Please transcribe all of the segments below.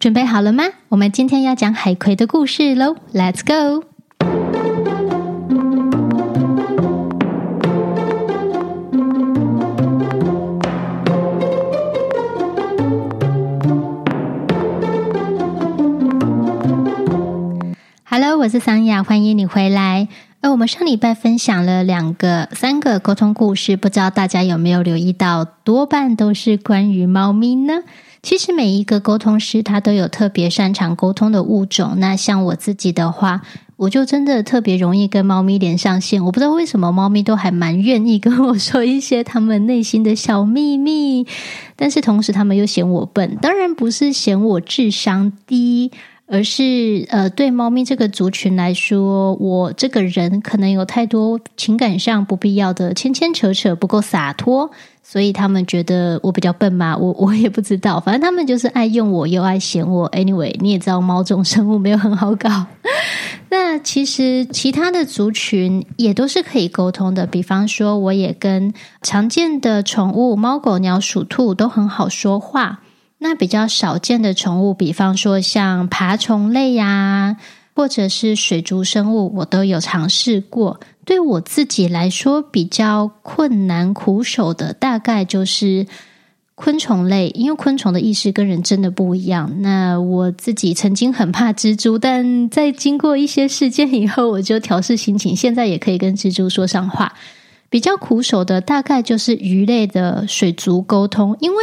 準備好了嗎？我們今天要講海葵的故事嘍，Let's go！Hello，我是桑雅，歡迎你回來。呃，我們上禮拜分享了兩個、三個溝通故事，不知道大家有沒有留意到，多半都是關於貓咪呢。其實每一個溝通師他都有特別擅長溝通的物種。那像我自己的話，我就真的特別容易跟貓咪連上線。我不知道為什麼貓咪都還蠻願意跟我說一些他們內心的小秘密，但是同時他們又嫌我笨，當然不是嫌我智商低。而是，呃，對貓咪這個族群來說，我這個人可能有太多情感上不必要的牽牽扯扯，不夠灑脫，所以他們覺得我比較笨嘛，我我也不知道，反正他們就是愛用我又愛嫌我。Anyway，你也知道貓這種生物沒有很好搞。 那其實其他的族群也都是可以溝通的，比方說，我也跟常見的寵物貓狗鳥鼠兔都很好說話。那比較少見的寵物，比方說像爬蟲類呀、啊，或者是水族生物，我都有嘗試過。對我自己來說，比較困難苦手的大概就是昆蟲類，因為昆蟲的意識跟人真的不一樣。那我自己曾經很怕蜘蛛，但在經過一些事件以後，我就調適心情，現在也可以跟蜘蛛說上話。比較苦手的大概就是魚類的水族溝通，因為。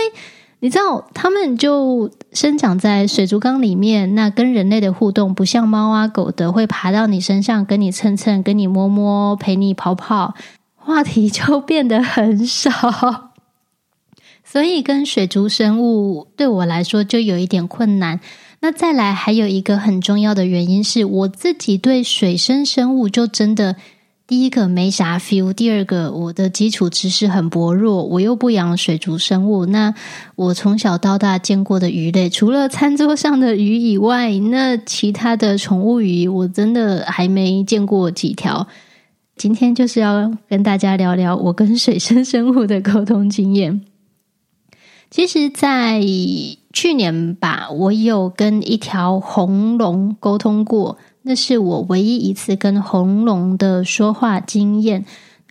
你知道，他們就生長在水族缸裡面，那跟人類的互動不像貓啊狗的，會爬到你身上跟你蹭蹭、跟你摸摸、陪你跑跑，話題就變得很少， 所以跟水族生物對我來說就有一點困難。那再來還有一個很重要的原因是我自己對水生生物就真的。第一個沒啥 feel，第二個我的基礎知識很薄弱，我又不養水族生物。那我從小到大見過的魚類，除了餐桌上的魚以外，那其他的寵物魚我真的還沒見過幾條。今天就是要跟大家聊聊我跟水生生物的溝通經驗。其實，在去年吧，我有跟一條紅龍溝通過。那是我唯一一次跟紅龍的說話經驗，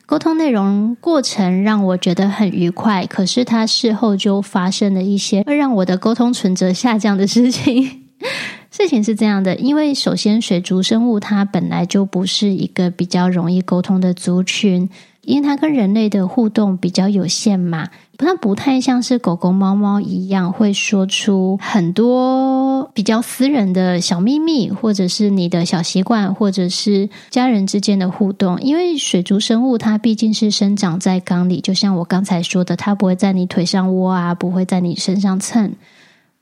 溝通內容過程讓我覺得很愉快。可是它事後就發生了一些會讓我的溝通存摺下降的事情。 事情是這樣的，因為首先水族生物它本來就不是一個比較容易溝通的族群。因為它跟人類的互動比較有限嘛，它不，不太像是狗狗、貓貓一樣會說出很多比較私人的小秘密，或者是你的小習慣，或者是家人之間的互動。因為水族生物它畢竟是生長在缸裡，就像我剛才說的，它不會在你腿上窩啊，不會在你身上蹭。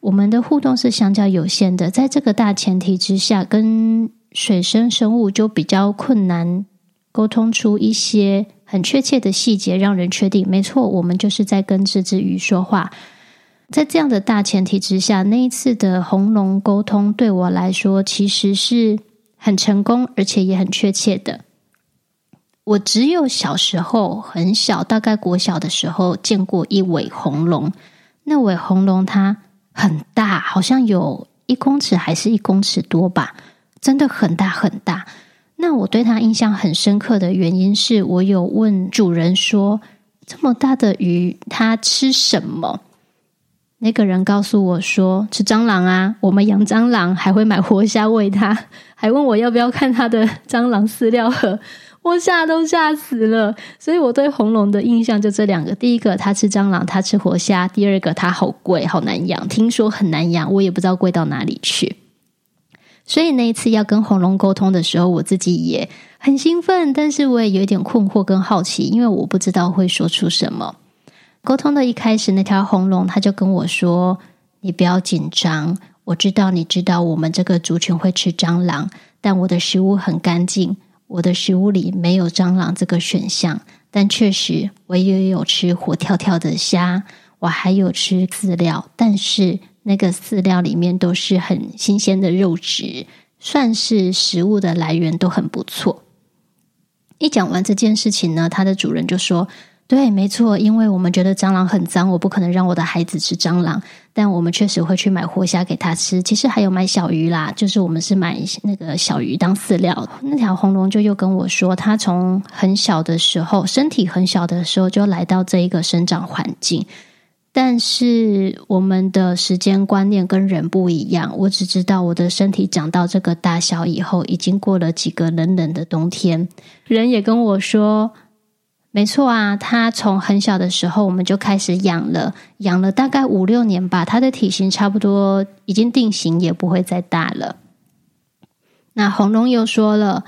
我們的互動是相較有限的，在這個大前提之下，跟水生生物就比較困難溝通出一些。很確切的細節讓人確定，沒錯，我們就是在跟這隻魚說話。在這樣的大前提之下，那一次的紅龍溝通對我來說，其實是很成功，而且也很確切的。我只有小時候很小，大概國小的時候見過一尾紅龍。那尾紅龍它很大，好像有一公尺還是一公尺多吧，真的很大很大。那我對它印象很深刻的原因是，我有問主人說，這麼大的魚它吃什麼？那個人告訴我說吃蟑螂啊，我們養蟑螂還會買活蝦餵它，還問我要不要看它的蟑螂飼料盒，我嚇都嚇死了。所以我對紅龍的印象就這兩個：第一個它吃蟑螂，它吃活蝦；第二個它好貴，好難養，聽說很難養，我也不知道貴到哪裡去。所以那一次要跟紅龍溝通的時候，我自己也很興奮，但是我也有點困惑跟好奇，因為我不知道會說出什麼。溝通的一開始，那條紅龍他就跟我說：“你不要緊張，我知道你知道我們這個族群會吃蟑螂，但我的食物很乾淨，我的食物裡沒有蟑螂這個選項。但確實，我也有吃活跳跳的蝦，我還有吃飼料，但是。”那個飼料裡面都是很新鮮的肉質，算是食物的來源都很不錯。一講完這件事情呢，它的主人就說：“對，沒錯，因為我們覺得蟑螂很髒，我不可能讓我的孩子吃蟑螂，但我們確實會去買活蝦給他吃。其實還有買小魚啦，就是我們是買那個小魚當飼料。那條紅龍就又跟我說，它從很小的時候，身體很小的時候就來到這一個生長環境。”但是我們的時間觀念跟人不一樣。我只知道我的身體長到這個大小以後，已經過了幾個冷冷的冬天。人也跟我說，沒錯啊，他從很小的時候我們就開始養了，養了大概五六年吧。他的體型差不多已經定型，也不會再大了。那紅龍又說了，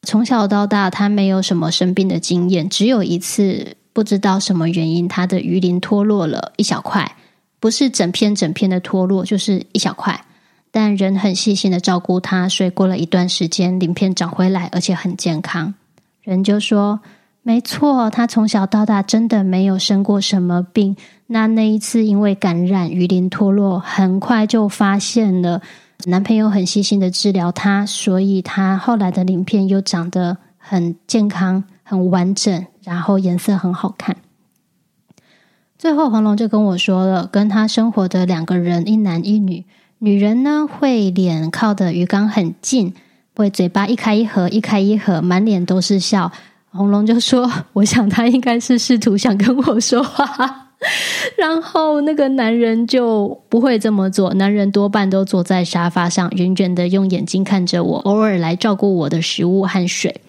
從小到大他沒有什麼生病的經驗，只有一次。不知道什麼原因，他的魚鱗脫落了一小塊，不是整片整片的脫落，就是一小塊。但人很細心的照顧它，所以過了一段時間，鱗片長回來，而且很健康。人就說：“沒錯，他從小到大真的沒有生過什麼病。那那一次因為感染魚鱗脫落，很快就發現了。男朋友很細心的治療他，所以他後來的鱗片又長得很健康、很完整。”然後顏色很好看。最後紅龍就跟我說了，跟他生活的兩個人，一男一女，女人呢會臉靠的魚缸很近，會嘴巴一開一合，一開一合，滿臉都是笑。紅龍就說：“我想他應該是試圖想跟我說話。”然後那個男人就不會這麼做，男人多半都坐在沙發上，遠遠的用眼睛看着我，偶爾來照顧我的食物和水。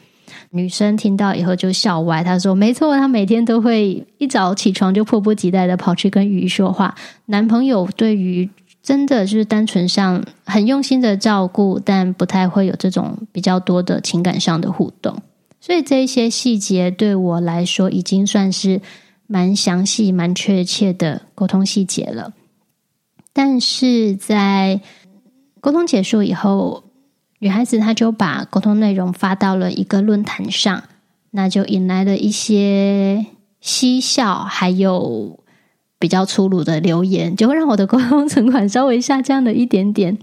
女生聽到以後就笑歪，她說：“沒錯，她每天都會一早起床就迫不及待的跑去跟魚說話。男朋友對魚真的就是單純上很用心的照顧，但不太會有這種比較多的情感上的互動。所以這一些細節對我來說已經算是蠻詳細、蠻確切的溝通細節了。但是在溝通結束以後。”女孩子她就把溝通內容發到了一個論壇上，那就引來了一些嬉笑，還有比較粗魯的留言，就會讓我的溝通存款稍微下降了一點點。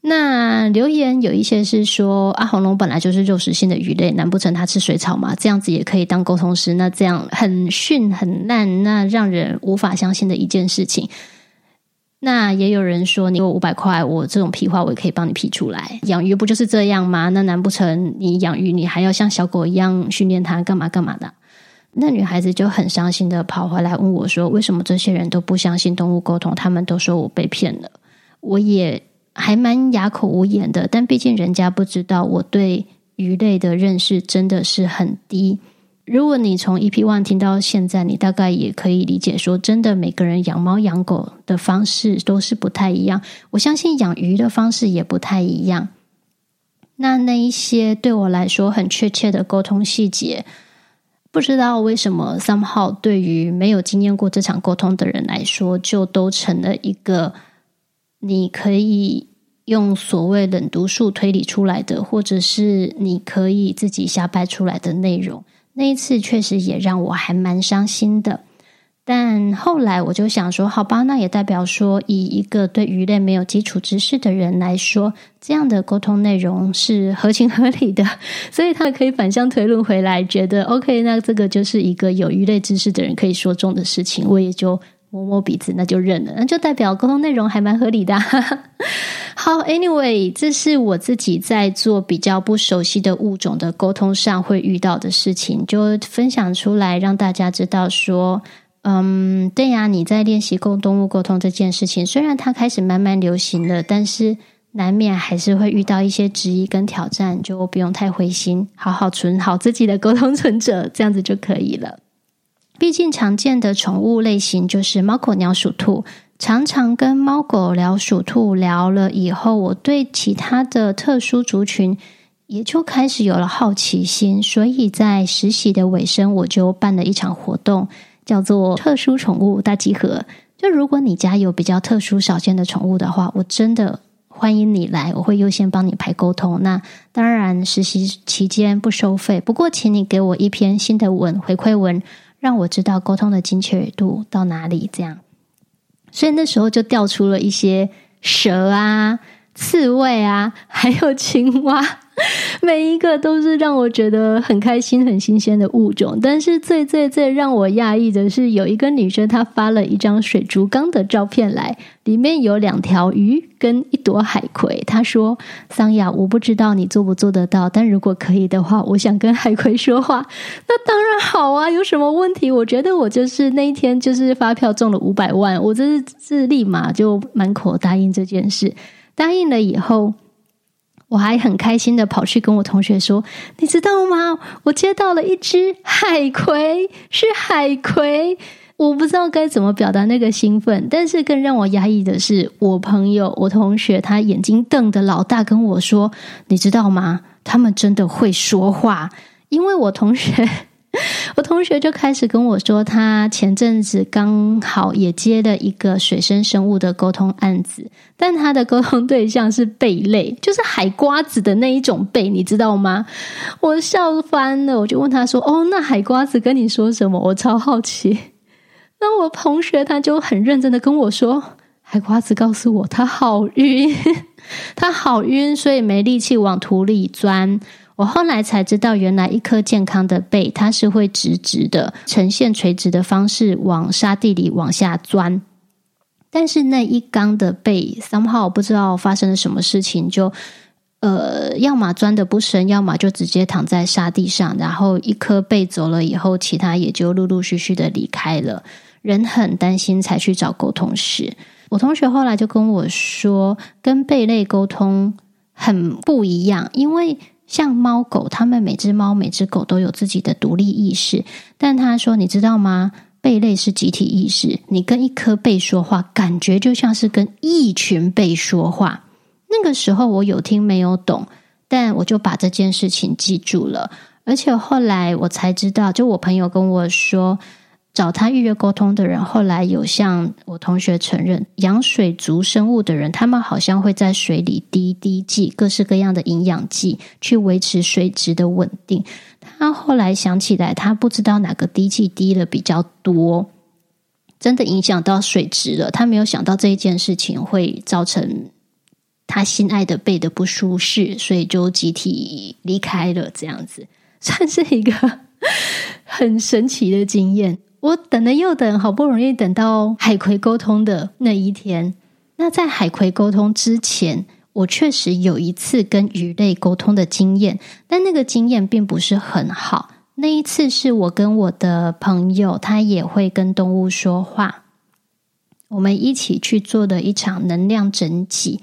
那留言有一些是說：“啊，紅龍本來就是肉食性的魚類，難不成它吃水草嗎？這樣子也可以當溝通師？那這樣很遜、很爛，那讓人無法相信的一件事情。”那也有人說，你有五百塊，我這種屁話我也可以幫你批出來。養魚不就是這樣嗎？那難不成你養魚你還要像小狗一樣訓練它幹嘛幹嘛的？那女孩子就很傷心的跑回來問我說：“為什麼這些人都不相信動物溝通？他們都說我被騙了。”我也還蠻啞口無言的，但畢竟人家不知道我對魚類的認識真的是很低。如果你從 EP One 聽到現在，你大概也可以理解說，真的每個人養貓養狗的方式都是不太一樣。我相信養魚的方式也不太一樣。那那一些對我來說很確切的溝通細節，不知道為什麼，somehow 對於沒有經驗過這場溝通的人來說，就都成了一個你可以用所謂冷讀術推理出來的，或者是你可以自己瞎掰出來的內容。那一次確實也讓我還蠻傷心的，但後來我就想說，好吧，那也代表說，以一個對魚類沒有基礎知識的人來說，這樣的溝通內容是合情合理的，所以他們可以反向推論回來，覺得 OK，那這個就是一個有魚類知識的人可以說中的事情，我也就，摸摸鼻子，那就認了，那就代表溝通內容還蠻合理的啊。 好，Anyway，這是我自己在做比較不熟悉的物種的溝通上會遇到的事情，就分享出來讓大家知道說，嗯，對呀、啊，你在練習跟動物溝通這件事情，雖然它開始慢慢流行了，但是難免還是會遇到一些質疑跟挑戰，就不用太灰心，好好存好自己的溝通存折，這樣子就可以了。畢竟常見的寵物類型就是貓、狗、鳥、鼠、兔，常常跟貓、狗、鳥、鼠、兔聊了以後，我對其他的特殊族群也就開始有了好奇心。所以在實習的尾聲，我就辦了一場活動，叫做“特殊寵物大集合”。就如果你家有比較特殊、少見的寵物的話，我真的歡迎你來，我會優先幫你排溝通。那當然，實習期間不收費，不過請你給我一篇新的文，回饋文。讓我知道溝通的精確度到哪裡，這樣，所以那時候就挑出了一些蛇啊、刺蝟啊，還有青蛙。每一個都是讓我覺得很開心、很新鮮的物種，但是最最最讓我壓抑訝異的是，有一個女生她發了一張水族缸的照片來，裡面有兩條魚跟一朵海葵。她說：“桑雅，我不知道你做不做得到，但如果可以的話，我想跟海葵說話。”那當然好啊，有什麼問題？我覺得我就是那一天就是發票中了五百萬，我這是，是立馬就滿口答應這件事。答應了以後。我還很開心的跑去跟我同學說，你知道嗎？我接到了一只海葵，是海葵，我不知道該怎麼表達那個興奮。但是更讓我壓抑的是，我朋友，我同學他眼睛瞪得老大跟我說，你知道嗎？他們真的會說話，因為我同學。我同學就開始跟我說，他前陣子剛好也接了一個水生生物的溝通案子，但他的溝通對象是貝類，就是海瓜子的那一種貝，你知道嗎？我笑翻了，我就問他說：“哦，那海瓜子跟你說什麼？”我超好奇。那我同學他就很認真的跟我說：“海瓜子告訴我，他好暈， 他好暈，所以沒力氣往土裡鑽。”我後來才知道，原來一顆健康的貝它是會直直的呈現垂直的方式往沙地裡往下鑽。但是那一缸的貝，somehow 不知道發生了什麼事情，就呃，要麼鑽得不深，要麼就直接躺在沙地上。然後一顆貝走了以後，其他也就陸陸續續的離開了。人很擔心，才去找溝通師。我同學後來就跟我說，跟貝類溝通很不一樣，因為，像貓狗，它們每只貓每只狗都有自己的獨立意識。但他說，你知道嗎？貝類是集體意識。你跟一顆貝說話，感覺就像是跟一群貝說話。那個時候我有聽沒有懂，但我就把這件事情記住了。而且後來我才知道，就我朋友跟我說，找他預約溝通的人，後來有向我同學承認養水族生物的人，他們好像會在水裡滴滴劑，各式各樣的營養劑，去維持水質的穩定。他後來想起來，他不知道哪個滴劑滴了比較多，真的影響到水質了。他沒有想到這一件事情會造成他心愛的貝的不舒適，所以就集體離開了。這樣子算是一個很神奇的經驗。我等了又等，好不容易等到海葵溝通的那一天。那在海葵溝通之前，我確實有一次跟魚類溝通的經驗，但那個經驗並不是很好。那一次是我跟我的朋友，他也會跟動物說話，我們一起去做的一場能量整體。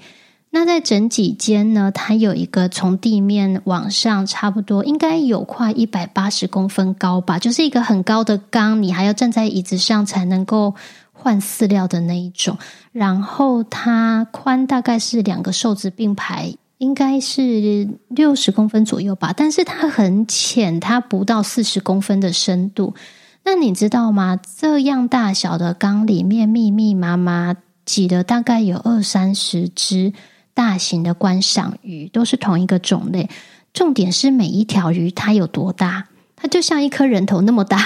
那在整幾間呢，它有一個從地面往上，差不多應該有快一百八十公分高吧，就是一個很高的缸，你還要站在椅子上才能夠換飼料的那一種。然後它寬大概是兩個瘦子並排，應該是六十公分左右吧。但是它很淺，它不到四十公分的深度。那你知道嗎？這樣大小的缸裡面密密麻麻擠了大概有二三十隻。大型的觀賞魚都是同一個種類，重點是每一條魚它有多大，它就像一顆人頭那麼大。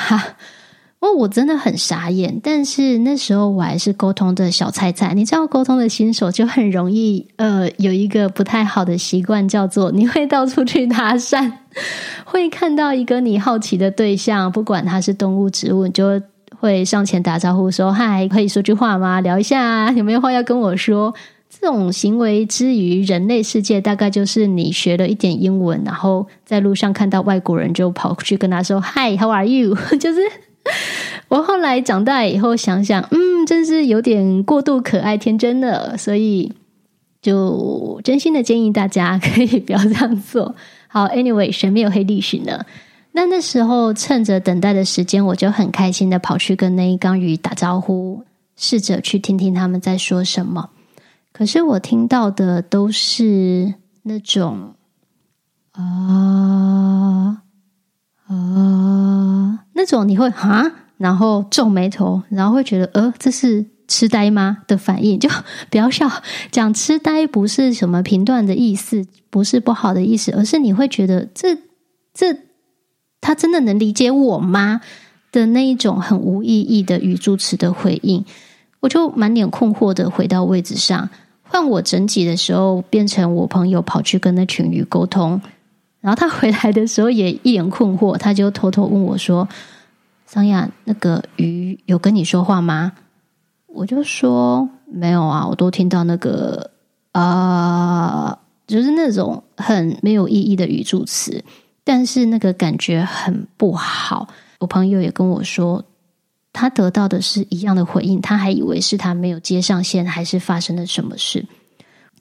哦，我真的很傻眼，但是那時候我還是溝通的小菜菜。你知道，溝通的新手就很容易呃有一個不太好的習慣，叫做你會到處去搭訕，會看到一個你好奇的對象，不管他是動物、植物，你就會上前打招呼說：“嗨，可以說句話嗎？聊一下啊，有沒有話要跟我說？”這種行為之於人類世界大概就是你學了一點英文，然後在路上看到外國人就跑去跟他說 “Hi，how are you？” 就是我後來長大以後想想，嗯，真是有點過度可愛天真的，所以就真心的建議大家可以不要這樣做。好，Anyway，誰沒有黑歷史呢？那那時候趁着等待的時間，我就很開心的跑去跟那一缸魚打招呼，試着去聽聽他們在說什麼。可是我聽到的都是那種啊啊、呃呃，那種你會啊，然後皺眉頭，然後會覺得呃，這是痴呆嗎的反應，就不要笑，講痴呆不是什麼評斷的意思，不是不好的意思，而是你會覺得這這他真的能理解我嗎的那一種很無意義的語助詞的回應，我就滿臉困惑的回到位置上。當我整體的時候，變成我朋友跑去跟那群魚溝通，然後他回來的時候也一臉困惑，他就偷偷問我說：“桑亞，那個魚有跟你說話嗎？”我就說：“沒有啊，我都聽到那個，呃，就是那種很沒有意義的語助詞，但是那個感覺很不好。”我朋友也跟我說。他得到的是一樣的回應，他還以為是他沒有接上線，還是發生了什麼事。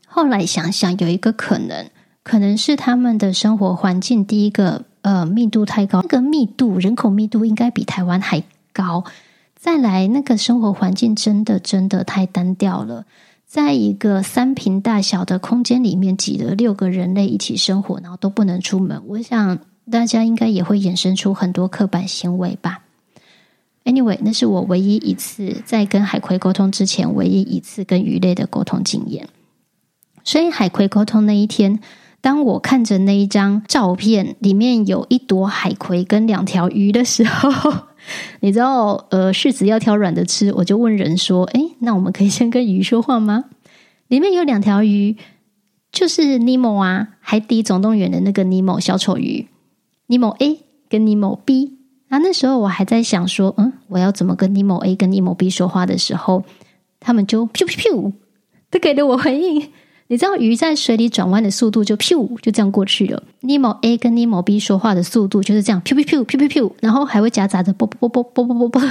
後來想想，有一個可能，可能是他們的生活環境，第一個呃，密度太高，那個密度，人口密度應該比台灣還高。再來，那個生活環境真的真的太單調了，在一個三平大小的空間裡面擠了六個人類一起生活，然後都不能出門。我想大家應該也會衍生出很多刻板行為吧。Anyway，那是我唯一一次在跟海葵溝通之前，唯一一次跟魚類的溝通經驗。所以海葵溝通那一天，當我看着那一張照片，裡面有一朵海葵跟兩條魚的時候，你知道，呃，柿子要挑軟的吃，我就問人說：“誒，那我們可以先跟魚說話嗎？”裡面有兩條魚，就是尼莫啊，海底總動員的那個尼莫小丑魚，尼莫 A 跟尼莫 B。那、啊、那時候我還在想說，嗯，我要怎麼跟 Nemo A 跟 Nemo B 說話的時候，他們就咻咻咻，都給了我回應。你知道魚在水裡轉彎的速度就咻，就這樣過去了。Nemo A 跟 Nemo B 說話的速度就是這樣，咻咻咻，咻咻咻，然後還會夾雜着啵啵啵啵啵啵啵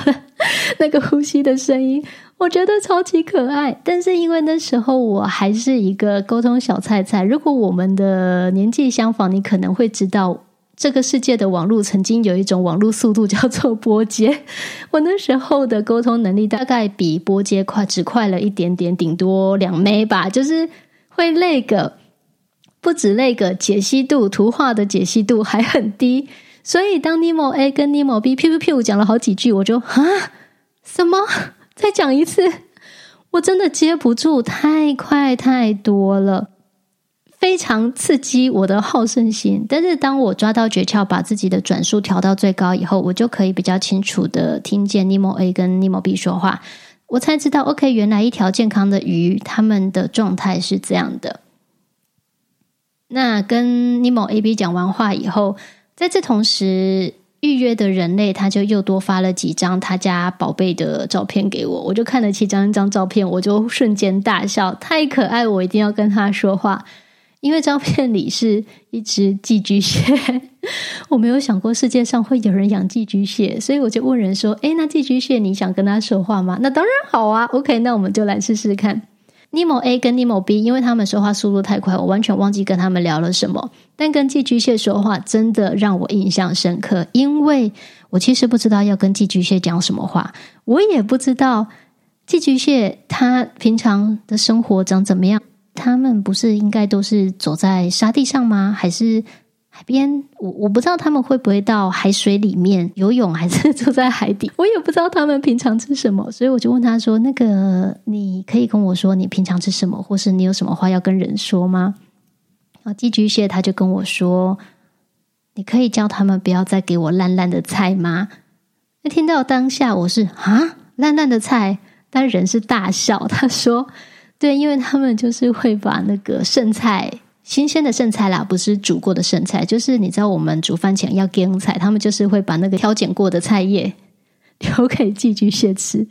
那個呼吸的聲音，我覺得超級可愛。但是因為那時候我還是一個溝通小菜菜，如果我們的年紀相仿，你可能會知道。這個世界的網絡曾經有一種網絡速度叫做撥接，我那時候的溝通能力大概比撥接快，只快了一點點，頂多兩倍吧。就是會那個，不止那個解析度，圖畫的解析度還很低。所以當 Nemo A 跟 Nemo B 噗噗噗講了好幾句，我就啊什麼？再講一次？我真的接不住，太快太多了。非常刺激我的好勝心，但是當我抓到訣竅，把自己的轉速調到最高以後，我就可以比較清楚的聽見 Nemo A 跟 Nemo B 說話。我才知道，OK，原來一條健康的魚，他們的狀態是這樣的。那跟 Nemo A、B 講完話以後，在這同時，預約的人類他就又多發了幾張他家寶貝的照片給我，我就看了七張、一張照片，我就瞬間大笑，太可愛，我一定要跟他說話。因為照片裡是一只寄居蟹，我沒有想過世界上會有人養寄居蟹，所以我就問人說：“誒，那寄居蟹你想跟他說話嗎？”那當然好啊，OK，那我們就來試試看。Nemo A 跟 Nemo B，因為他們說話速度太快，我完全忘記跟他們聊了什麼。但跟寄居蟹說話真的讓我印象深刻，因為我其實不知道要跟寄居蟹講什麼話，我也不知道寄居蟹它平常的生活長怎麼樣。他們不是應該都是走在沙地上嗎？還是海邊？我我不知道他們會不會到海水裡面游泳，還是住在海底？我也不知道他們平常吃什麼，所以我就問他說：“那個，你可以跟我說你平常吃什麼，或是你有什麼話要跟人說嗎？”然後寄居蟹他就跟我說：“你可以叫他們不要再給我爛爛的菜嗎？”那聽到當下我是啊爛爛的菜，但人是大笑。他說。對，因為他們就是會把那個剩菜、新鮮的剩菜啦，不是煮過的剩菜，就是你知道我們煮飯前要給菜，他們就是會把那個挑揀過的菜葉留給寄居蟹吃。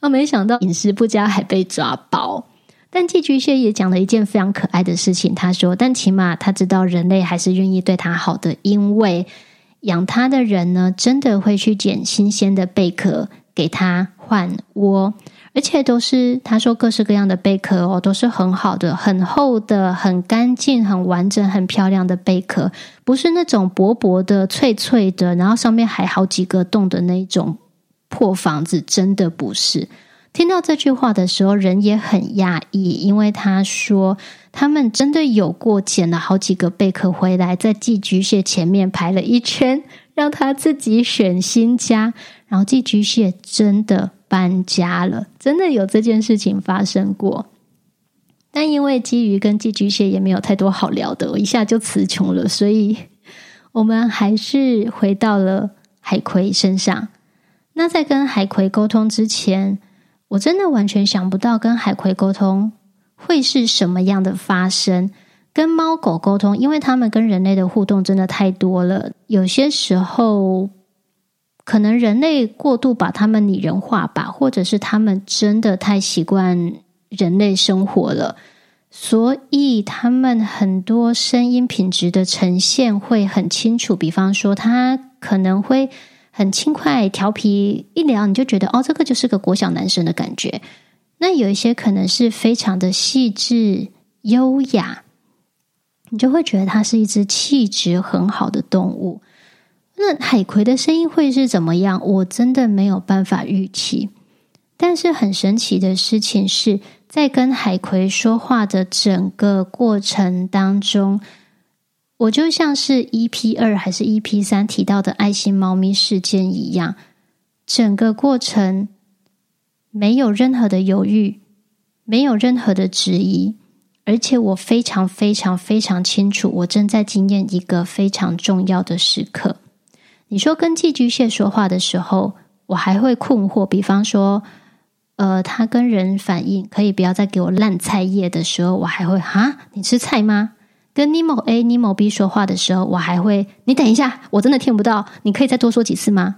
啊，沒想到飲食不佳還被抓包。但寄居蟹也講了一件非常可愛的事情。他說：“但起碼他知道人類還是願意對他好的，因為養他的人呢，真的會去撿新鮮的貝殼給他換窩。”而且都是他說各式各樣的貝殼哦，都是很好的、很厚的、很乾淨、很完整、很漂亮的貝殼，不是那種薄薄的、脆脆的，然後上面還好幾個洞的那種破房子，真的不是。聽到這句話的時候，人也很壓抑，因為他說他們真的有過撿了好幾個貝殼回來，在寄居蟹前面排了一圈，讓他自己選新家，然後寄居蟹真的。搬家了，真的有這件事情發生過。但因為基魚跟寄居蟹也沒有太多好聊的，我一下就詞窮了。所以我們還是回到了海葵身上。那在跟海葵溝通之前，我真的完全想不到跟海葵溝通會是什麼樣的發生。跟貓狗溝通，因為他們跟人類的互動真的太多了，有些時候，可能人類過度把他們擬人化吧，或者是他們真的太習慣人類生活了，所以他們很多聲音品質的呈現會很清楚。比方說，他可能會很輕快、調皮，一聊你就覺得哦，這個就是個國小男生的感覺。那有一些可能是非常的細緻、優雅，你就會覺得他是一隻氣質很好的動物。那海葵的聲音會是怎麼樣？我真的沒有辦法預期。但是很神奇的事情是，在跟海葵說話的整個過程當中，我就像是 EP2 還是 EP3 提到的愛心貓咪事件一樣，整個過程沒有任何的猶豫，沒有任何的質疑，而且我非常非常非常清楚，我正在經驗一個非常重要的時刻。你說跟寄居蟹說話的時候，我還會困惑。比方說，呃，他跟人反應可以不要再給我爛菜葉的時候，我還會蛤，你吃菜嗎？跟 Nemo A、Nemo B 說話的時候，我還會，你等一下，我真的聽不到，你可以再多說幾次嗎？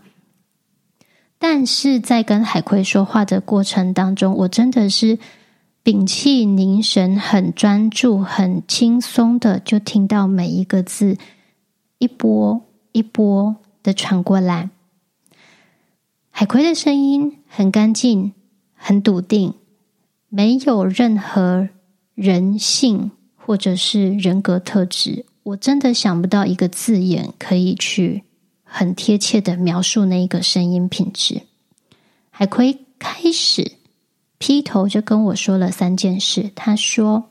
但是在跟海葵說話的過程當中，我真的是屏氣凝神，很專注，很輕鬆的就聽到每一個字，一波一波的傳過來，海葵的聲音很乾淨、很篤定，沒有任何人性或者是人格特質。我真的想不到一個字眼可以去很貼切的描述那一個聲音品質。海葵開始劈頭就跟我說了三件事，他說：“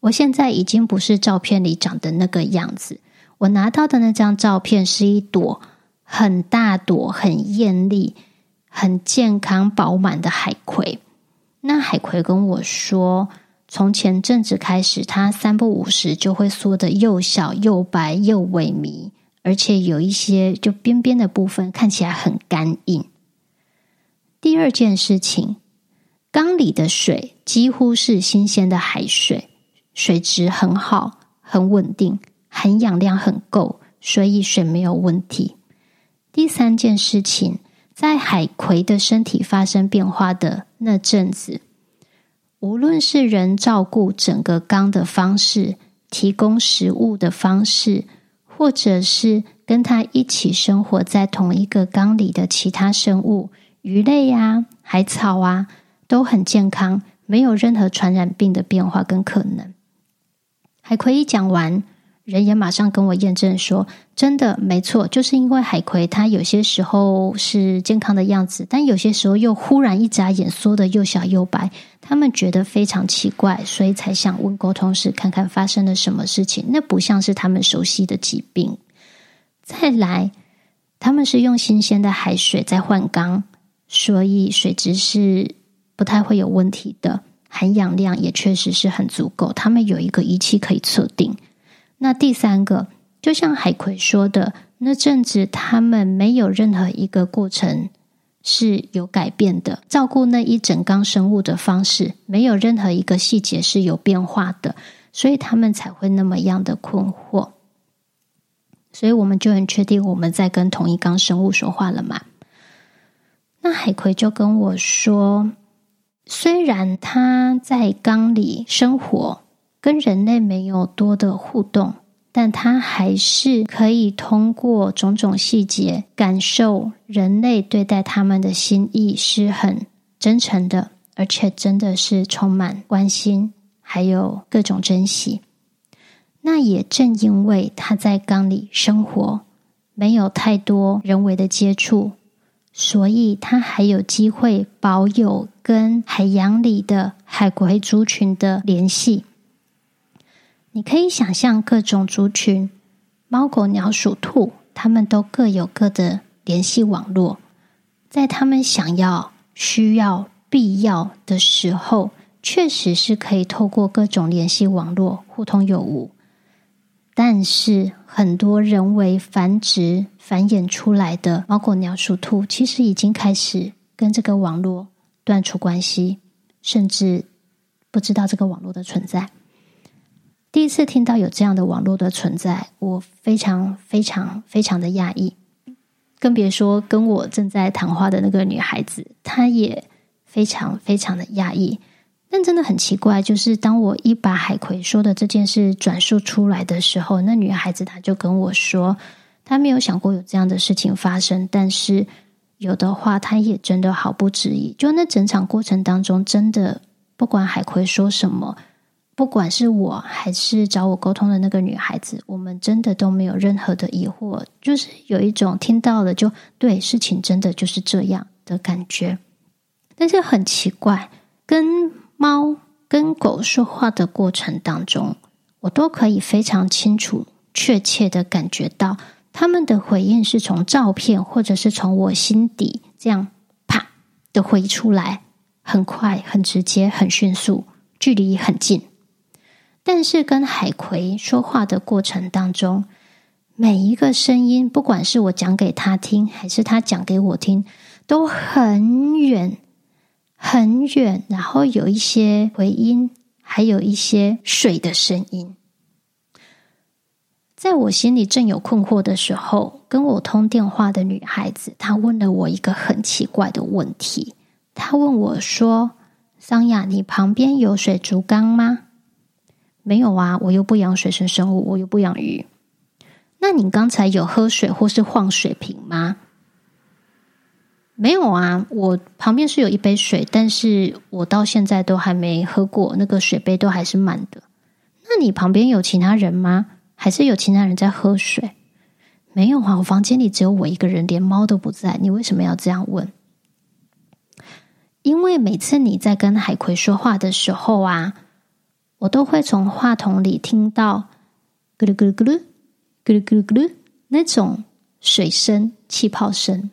我現在已經不是照片裡長的那個樣子。”我拿到的那張照片是一朵很大朵、很豔麗、很健康、飽滿的海葵。那海葵跟我說，從前陣子開始，它三不五時就會縮得又小又白又萎靡，而且有一些就邊邊的部分看起來很乾硬。第二件事情，缸裡的水幾乎是新鮮的海水，水質很好，很穩定。含氧量很夠，所以水沒有問題。第三件事情，在海葵的身體發生變化的那陣子，無論是人照顧整個缸的方式、提供食物的方式，或者是跟它一起生活在同一個缸裡的其他生物（魚類呀、啊、海草啊）都很健康，沒有任何傳染病的變化跟可能。海葵一講完，人也馬上跟我驗證說：“真的沒錯，就是因為海葵，它有些時候是健康的樣子，但有些時候又忽然一眨眼縮得又小又白。他們覺得非常奇怪，所以才想問溝通師看看發生了什麼事情。那不像是他們熟悉的疾病。再來，他們是用新鮮的海水在換缸，所以水質是不太會有問題的，含氧量也確實是很足夠。他們有一個儀器可以測定。”那第三個，就像海葵說的，那陣子他們沒有任何一個過程是有改變的，照顧那一整缸生物的方式，沒有任何一個細節是有變化的，所以他們才會那麼樣的困惑。所以我們就很確定我們在跟同一缸生物說話了嘛。那海葵就跟我說，雖然他在缸裡生活，跟人類沒有多的互動，但它還是可以通過種種細節感受人類對待它們的心意是很真誠的，而且真的是充滿關心，還有各種珍惜。那也正因為它在缸裡生活，沒有太多人為的接觸，所以它還有機會保有跟海洋裡的海葵族群的聯繫。你可以想象各種族群，貓、狗、鳥、鼠、兔，它們都各有各的聯繫網絡。在它們想要、需要、必要的時候，確實是可以透過各種聯繫網絡互通有無。但是，很多人為繁殖繁衍出來的貓、狗、鳥、鼠、兔，其實已經開始跟這個網絡斷除關係，甚至不知道這個網絡的存在。第一次聽到有這樣的網絡的存在，我非常非常非常的訝異，更別說跟我正在談話的那個女孩子，她也非常非常的訝異。但真的很奇怪，就是當我一把海葵說的這件事轉述出來的時候，那女孩子她就跟我說，她沒有想過有這樣的事情發生，但是有的話，她也真的毫不遲疑。就那整場過程當中，真的不管海葵說什麼。不管是我還是找我溝通的那個女孩子，我們真的都沒有任何的疑惑，就是有一種聽到了就，對，事情真的就是這樣的感覺。但是很奇怪，跟貓跟狗說話的過程當中，我都可以非常清楚、確切的感覺到他們的回應是從照片或者是從我心底這樣啪的回出來，很快、很直接、很迅速，距離很近。但是跟海葵說話的過程當中，每一個聲音，不管是我講給他聽，還是他講給我聽，都很遠，很遠，然後有一些回音，還有一些水的聲音。在我心裡正有困惑的時候，跟我通電話的女孩子，她問了我一個很奇怪的問題。她問我說：“桑雅，你旁邊有水族缸嗎？”沒有啊，我又不養水生生物，我又不養魚。那你剛才有喝水或是晃水瓶嗎？沒有啊，我旁邊是有一杯水，但是我到現在都還沒喝過，那個水杯都還是滿的。那你旁邊有其他人嗎？還是有其他人在喝水？沒有啊，我房間裡只有我一個人，連貓都不在。你為什麼要這樣問？因為每次你在跟海葵說話的時候啊。我都會從話筒裡聽到咕嚕咕嚕咕嚕，咕嚕咕嚕咕嚕那種水聲、氣泡聲。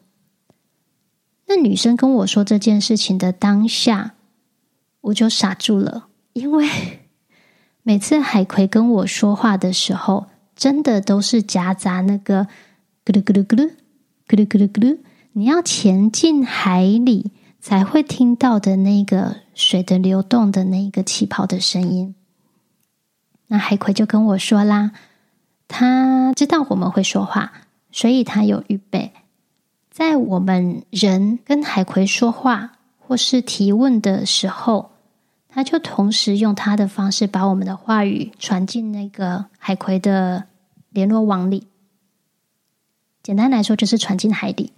那女生跟我說這件事情的當下，我就傻住了，因為每次海葵跟我說話的時候，真的都是夾雜那個咕嚕咕嚕咕嚕，咕嚕咕嚕咕嚕，你要潛進海裡才會聽到的那個水的流動的那個氣泡的聲音。那海葵就跟我說啦，他知道我們會說話，所以他有預備。在我們人跟海葵說話或是提問的時候，他就同時用他的方式把我們的話語傳進那個海葵的聯絡網裡。簡單來說，就是傳進海底，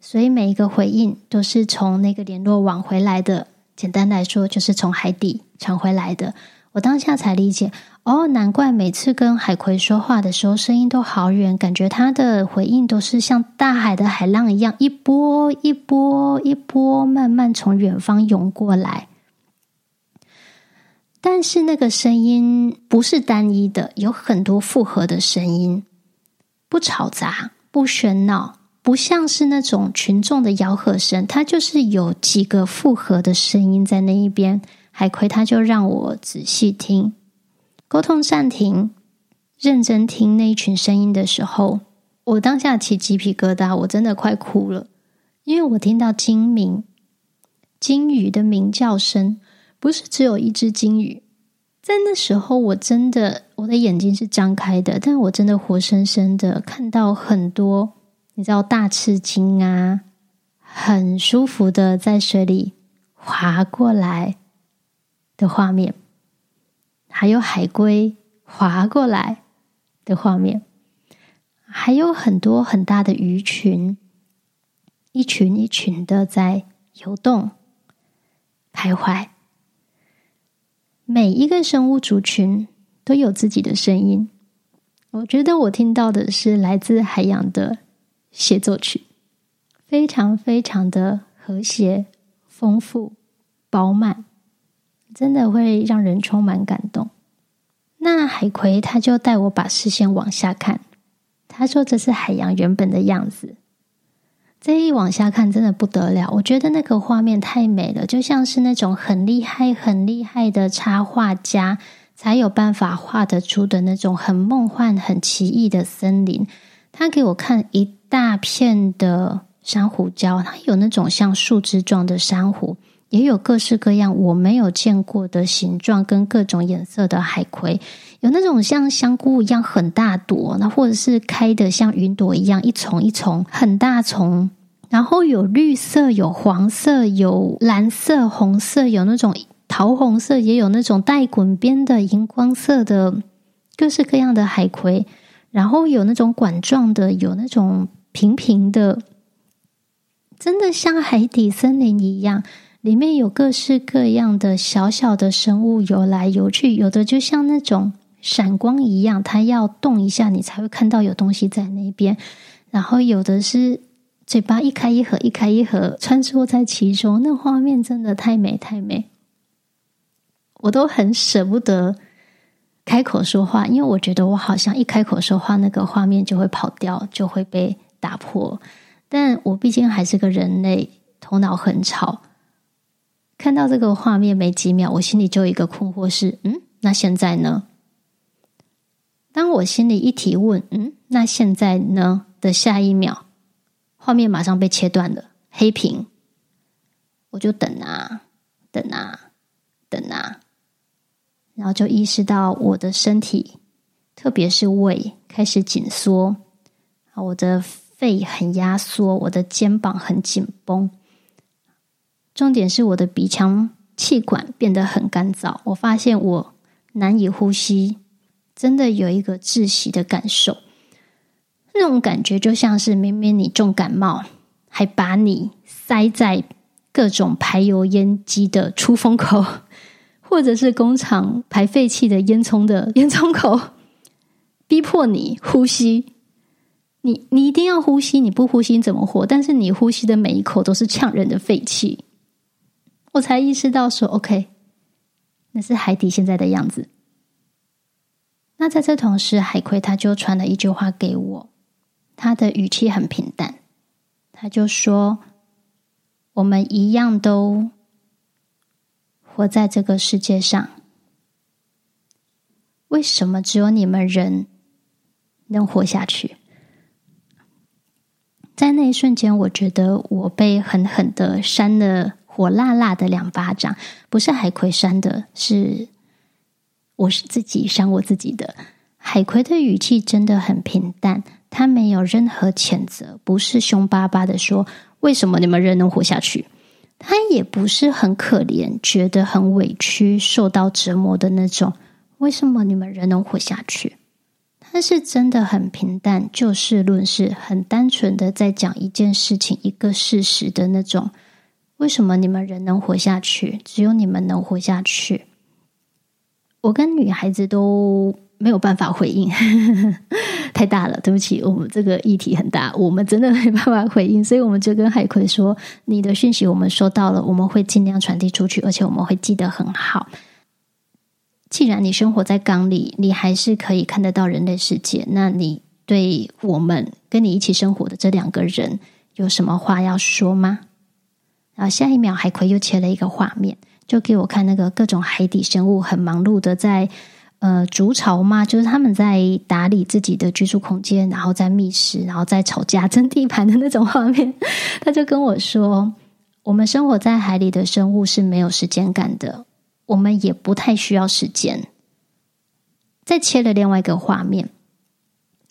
所以每一個回應都是從那個聯絡網回來的。簡單來說，就是從海底傳回來的。我當下才理解哦，難怪每次跟海葵說話的時候，聲音都好遠，感覺它的回應都是像大海的海浪一樣，一波一波一波，一波，慢慢從遠方湧過來。但是那個聲音不是單一的，有很多複合的聲音，不吵雜，不喧鬧，不像是那種群眾的吆喝聲，它就是有幾個複合的聲音在那一邊。海葵虧他就讓我仔細聽，溝通暫停，認真聽那一群聲音的時候，我當下起雞皮疙瘩，我真的快哭了，因為我聽到鯨鳴，鯨魚的鳴叫聲，不是只有一隻鯨魚。在那時候，我真的，我的眼睛是張開的，但我真的活生生的看到很多，你知道大翅鯨啊，很舒服的在水裡划過來的畫面，還有海龜划過來的畫面，還有很多很大的魚群，一群一群的在游動、徘徊。每一個生物族群都有自己的聲音，我覺得我聽到的是來自海洋的協奏曲，非常非常的和諧、豐富、飽滿。真的會讓人充滿感動。那海葵，他就帶我把視線往下看。他說：“這是海洋原本的樣子。”這一往下看，真的不得了。我覺得那個畫面太美了，就像是那種很厲害、很厲害的插畫家才有辦法畫得出的那種很夢幻、很奇異的森林。他給我看一大片的珊瑚礁，它有那種像樹枝狀的珊瑚。也有各式各樣我沒有見過的形狀跟各種顏色的海葵，有那種像香菇一樣很大朵，那或者是開的像雲朵一樣一叢一叢很大叢，然後有綠色、有黃色、有藍色、紅色、有那種桃紅色，也有那種帶滾邊的熒光色的各式各樣的海葵，然後有那種管狀的，有那種平平的，真的像海底森林一樣。裡面有各式各樣的小小的生物游來游去，有的就像那種閃光一樣，它要動一下你才會看到有東西在那邊；然後有的是嘴巴一開一合，一開一合穿梭在其中，那畫面真的太美太美，我都很捨不得開口說話，因為我覺得我好像一開口說話，那個畫面就會跑掉，就會被打破。但我畢竟還是個人類，頭腦很吵。看到這個畫面沒幾秒，我心裡就有一個困惑是：嗯，那現在呢？當我心裡一提問，嗯，那現在呢？的下一秒，畫面馬上被切斷了，黑屏。我就等啊，等啊，等啊，然後就意識到我的身體，特別是胃開始緊縮，啊，我的肺很壓縮，我的肩膀很緊繃。重點是我的鼻腔氣管變得很乾燥，我發現我難以呼吸，真的有一個窒息的感受。那種感覺就像是明明你重感冒，還把你塞在各種排油煙機的出風口，或者是工廠排廢氣的煙囪的煙囪口，逼迫你呼吸。你你一定要呼吸，你不呼吸怎麼活？但是你呼吸的每一口都是嗆人的廢氣。我才意識到說，OK，那是海底現在的樣子。那在這同時，海葵他就傳了一句話給我，他的語氣很平淡，他就說：“我們一樣都活在這個世界上，為什麼只有你們人能活下去？”在那一瞬間，我覺得我被狠狠的扇了。我辣辣的兩巴掌，不是海葵扇的，是我是自己扇我自己的。海葵的語氣真的很平淡，他沒有任何譴責，不是凶巴巴的說為什麼你們人能活下去，他也不是很可憐，覺得很委屈，受到折磨的那種。為什麼你們人能活下去？他是真的很平淡，就事，是，論事，很單純的在講一件事情，一個事實的那種。為什麼你們人能活下去？只有你們能活下去。我跟女孩子都沒有辦法回應呵呵，太大了，對不起，我們這個議題很大，我們真的沒辦法回應，所以我們就跟海葵說，你的訊息我們收到了，我們會盡量傳遞出去，而且我們會記得很好。既然你生活在缸裡，你還是可以看得到人類世界。那你對我們跟你一起生活的這兩個人有什麼話要說嗎？啊！下一秒，海葵又切了一個畫面，就給我看那個各種海底生物很忙碌的在呃築巢嘛，就是他們在打理自己的居住空間，然後在覓食，然後在吵架、爭地盤的那種畫面。 他就跟我說：“我們生活在海裡的生物是沒有時間感的，我們也不太需要時間。”再切了另外一個畫面，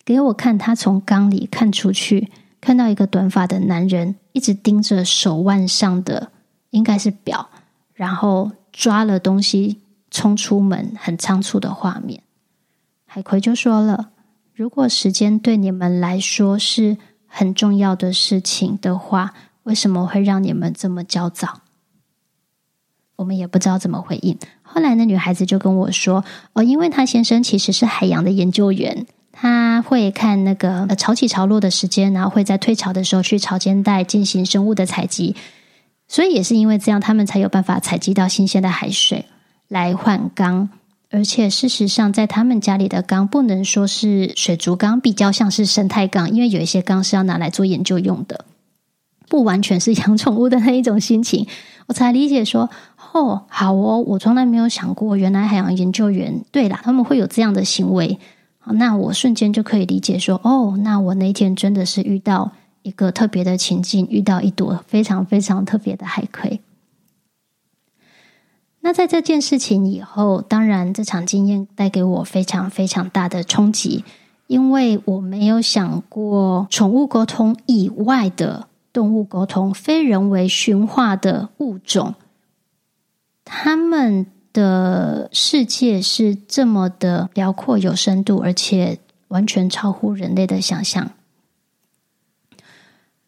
給我看他從缸裡看出去。看到一個短髮的男人一直盯着手腕上的應該是表，然後抓了東西衝出門，很倉促的畫面。海葵就說了：“如果時間對你們來說是很重要的事情的話，為什麼會讓你們這麼焦躁？”我們也不知道怎麼回應。後來那女孩子就跟我說：“哦，因為她先生其實是海洋的研究員。”他會看那個，呃，潮起潮落的時間，然後會在退潮的時候去潮間帶進行生物的採集，所以也是因為這樣，他們才有辦法採集到新鮮的海水來換缸。而且事實上，在他們家裡的缸不能說是水族缸，比較像是生態缸，因為有一些缸是要拿來做研究用的，不完全是養寵物的那一種心情。我才理解說，哦，好哦，我從來沒有想過，原來海洋研究員，對啦，他們會有這樣的行為。那我瞬間就可以理解說，哦，那我那天真的是遇到一個特別的情境，遇到一朵非常非常特別的海葵。那在這件事情以後，當然這場經驗帶給我非常非常大的衝擊，因為我沒有想過寵物溝通以外的動物溝通，非人為馴化的物種，他們。的世界是這麼的遼闊、有深度，而且完全超乎人類的想象。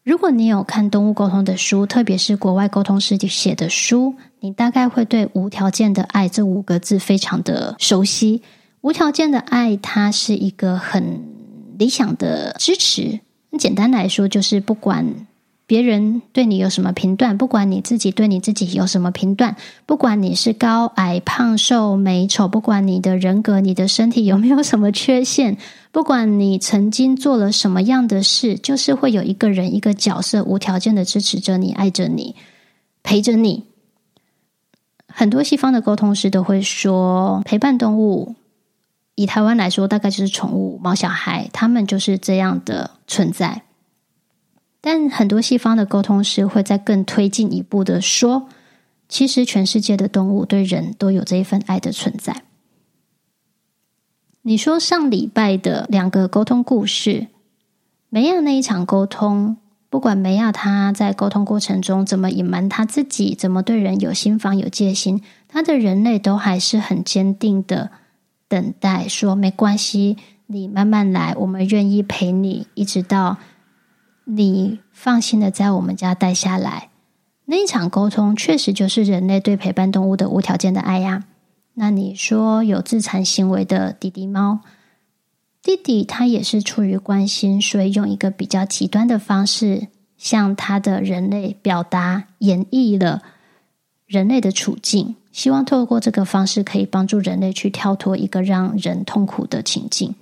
如果你有看動物溝通的書，特別是國外溝通師寫的書，你大概會對“無條件的愛”這五個字非常的熟悉。無條件的愛，它是一個很理想的支持。簡單來說，就是不管。別人對你有什麼評斷，不管你自己對你自己有什麼評斷，不管你是高矮胖瘦美醜，不管你的人格、你的身體有沒有什麼缺陷，不管你曾經做了什麼樣的事，就是會有一個人、一個角色無條件的支持着你、愛着你、陪着你。很多西方的溝通師都會說，陪伴動物，以台灣來說，大概就是寵物、毛小孩，他們就是這樣的存在。但很多西方的溝通師會再更推進一步的說，其實全世界的動物對人都有這一份愛的存在。你說上禮拜的兩個溝通故事，梅亞那一場溝通，不管梅亞他在溝通過程中怎麼隱瞞他自己，怎麼對人有心防、有戒心，他的人類都還是很堅定的等待，說沒關係，你慢慢來，我們願意陪你一直到。你放心的在我們家待下來，那一場溝通確實就是人類對陪伴動物的無條件的愛呀。那你說有自殘行為的弟弟貓，弟弟他也是出於關心，所以用一個比較極端的方式向他的人類表達，演繹了人類的處境，希望透過這個方式可以幫助人類去跳脫一個讓人痛苦的情境。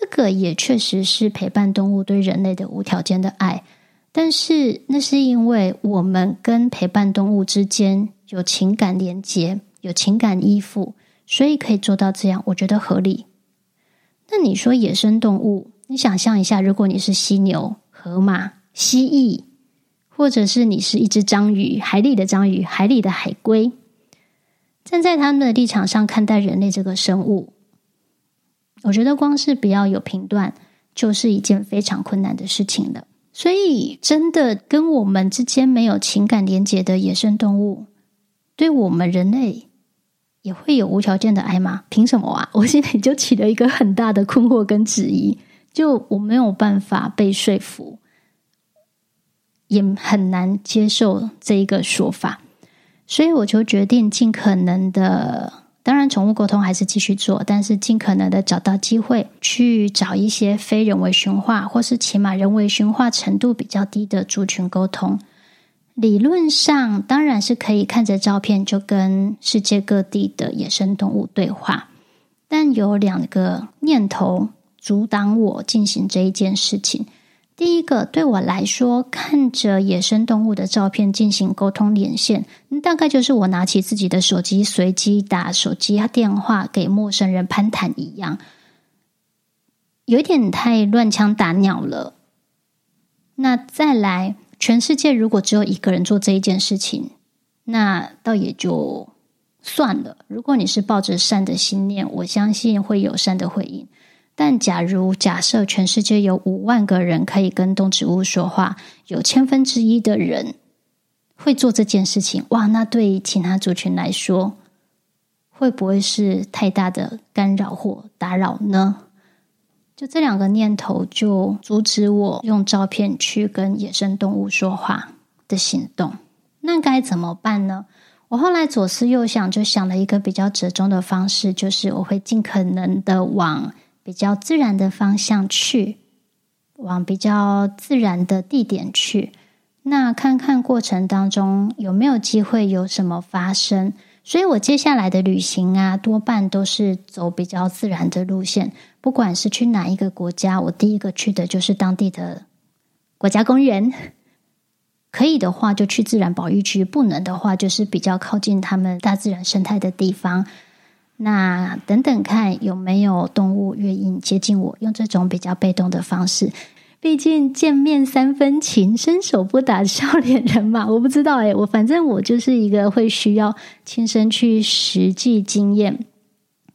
這個也確實是陪伴動物對人類的無條件的愛，但是那是因為我們跟陪伴動物之間有情感連接，有情感依附，所以可以做到這樣，我覺得合理。那你說野生動物，你想象一下，如果你是犀牛、河馬、蜥蜴，或者是你是一隻章魚、海裡的章魚、海裡的海龜，站在他們的立場上看待人類這個生物。我覺得光是比較有評斷，就是一件非常困難的事情了。所以，真的跟我們之間沒有情感連接的野生動物，對我們人類也會有無條件的愛嗎？憑什麼啊？我心裡就起了一個很大的困惑跟質疑，就我沒有辦法被說服，也很難接受這一個說法。所以，我就決定盡可能的。當然，寵物溝通還是繼續做，但是盡可能的找到機會去找一些非人為馴化，或是起碼人為馴化程度比較低的族群溝通。理論上當然是可以看着照片就跟世界各地的野生動物對話，但有兩個念頭阻擋我進行這一件事情。第一個對我來說，看着野生動物的照片進行溝通連線，大概就是我拿起自己的手機隨機打手機電話給陌生人攀談一樣，有一點太亂槍打鳥了。那再來，全世界如果只有一個人做這一件事情，那倒也就算了。如果你是抱着善的心念，我相信會有善的回應。但假如假設全世界有五萬個人可以跟動植物說話，有千分之一的人會做這件事情，哇！那對於其他族群來說，會不會是太大的干擾或打擾呢？就這兩個念頭，就阻止我用照片去跟野生動物說話的行動。那該怎麼辦呢？我後來左思右想，就想了一個比較折中的方式，就是我會盡可能地往。比較自然的方向去，往比較自然的地點去，那看看過程當中有沒有機會有什麼發生。所以我接下來的旅行啊，多半都是走比較自然的路線，不管是去哪一個國家，我第一個去的就是當地的國家公園。可以的話就去自然保育區，不能的話就是比較靠近他們大自然生態的地方。那等等看有沒有動物願意接近我，用這種比較被動的方式。畢竟見面三分情，伸手不打笑臉人嘛。我不知道誒、欸，我反正我就是一個會需要親身去實際經驗，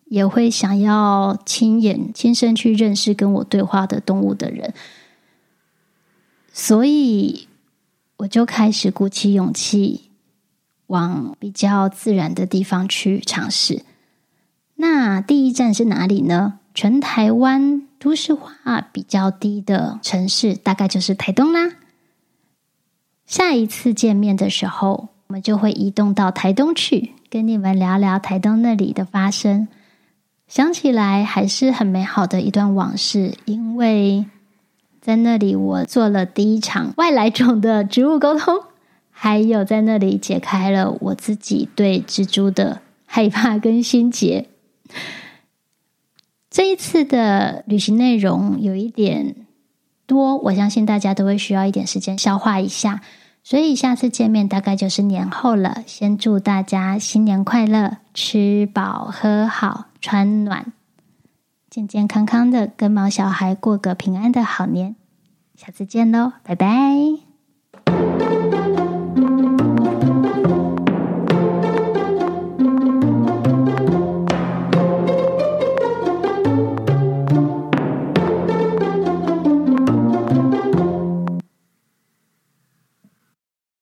也會想要親眼親身去認識跟我對話的動物的人。所以我就開始鼓起勇氣，往比較自然的地方去嘗試。那第一站是哪裡呢？全台灣都市化比較低的城市，大概就是台東啦。下一次見面的時候，我們就會移動到台東去，跟你們聊聊台東那裡的發生。想起來還是很美好的一段往事，因為在那裡我做了第一場外來種的植物溝通，還有在那裡解開了我自己對蜘蛛的害怕跟心結。這一次的旅行內容有一點多，我相信大家都會需要一點時間消化一下，所以下次見面大概就是年後了。先祝大家新年快樂，吃飽喝好，穿暖，健健康康的，跟毛小孩過個平安的好年。下次見嘍，拜拜。